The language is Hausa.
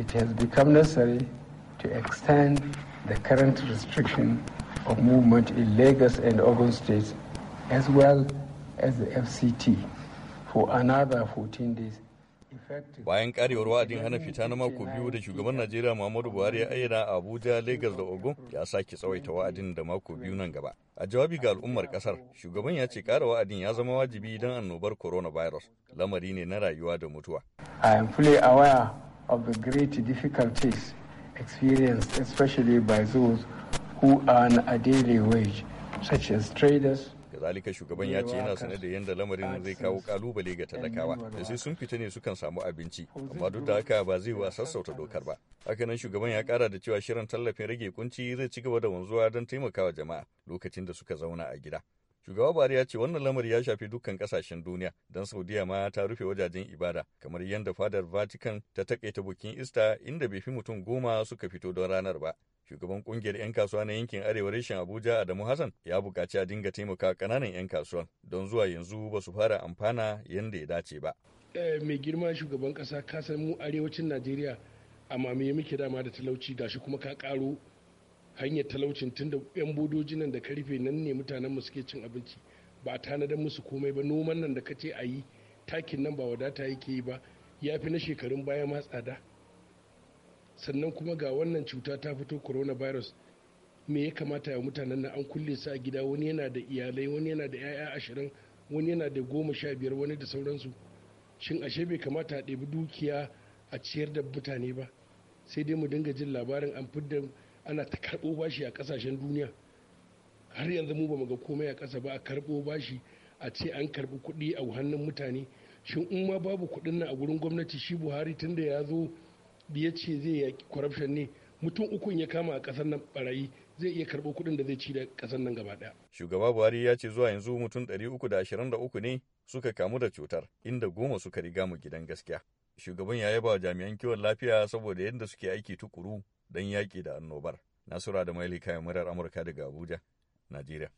it has become necessary to extend the current restriction of movement in Lagos and Ogun states as well as the FCT for another 14 days. Bayan karewar wa'adin hana fita na mako biyu da shugaban Najeriya Muhammadu Buhari ya ayyana a Abuja, Lagos da Ogun ya sake tsawaita wa'adin da mako biyu nan gaba. A jawabi ga al'ummar kasar, shugaban ya ce kara wa'adin ya zama wajibi don annobar coronavirus, lamari ne na rayuwa da mutuwa. I am fully aware of the great difficulties experienced especially by those who earn a daily wage such as traders kazalika shugaban ya ce yana sane da yadda lamarin zai kawo kalubale ga talakawa da sai sun fita ne sukan samu abinci amma duk da haka ba zai wa sassauta dokar ba haka nan shugaban ya kara da cewa shirin tallafin rage kunci zai ci gaba da wanzuwa don taimakawa jama'a lokacin da suka zauna a gida Shugaba Buhari ya ce wannan lamari ya shafi dukkan kasashen duniya don Saudiya ma ta rufe wajajen ibada kamar yadda fadar Vatican ta takaita bukin Ista inda bai fi mutum goma suka fito don ranar ba. Shugaban kungiyar 'yan kasuwa na yankin Arewa reshen Abuja Adamu Hassan ya buƙaci a dinga taimaka ƙananan 'yan kasuwa don zuwa yanzu ba su fara amfana yadda ya dace ba. Eh, mai girma shugaban ƙasa san mu arewacin Najeriya amma mamaye muke dama da talauci gashi kuma ka ƙaro hanyar talaucin tunda yan bodoji nan da karfe nan ne mutanen mu suke cin abinci ba tanadar musu komai ba noman nan da kace a yi takin nan ba wadata yake yi ba ya fi na shekarun baya ma tsada sannan kuma ga wannan cuta ta fito coronavirus me ya kamata ya mutanen nan an kulle su a gida wani yana da iyalai wani yana da 'ya'ya ashirin wani yana da goma sha biyar wani da sauransu shin ashe bai kamata a ɗebi dukiya a ciyar da mutane ba sai dai mu dinga jin labarin an fidda ana ta karɓo bashi a ƙasashen duniya har yanzu mu ba mu ga komai a ƙasa ba a karɓo bashi a ce an karɓi kuɗi a hannun mutane shin in ma babu kuɗin nan a gurin gwamnati shi buhari tun da ya zo ya ce zai yaƙi corruption ne mutum ukun ya kama a ƙasar nan barayi zai iya karɓo kuɗin da zai ci da ƙasar nan gaba ɗaya. Shugaba Buhari ya ce zuwa yanzu mutum uku ne suka kamu da cutar inda goma suka riga mu gidan gaskiya. Shugaban ya yaba wa jami'an kiwon lafiya saboda yadda suke aiki tukuru don yaƙi da annobar. Nasura da Maili kayan murar Amurka daga Abuja, Najeriya.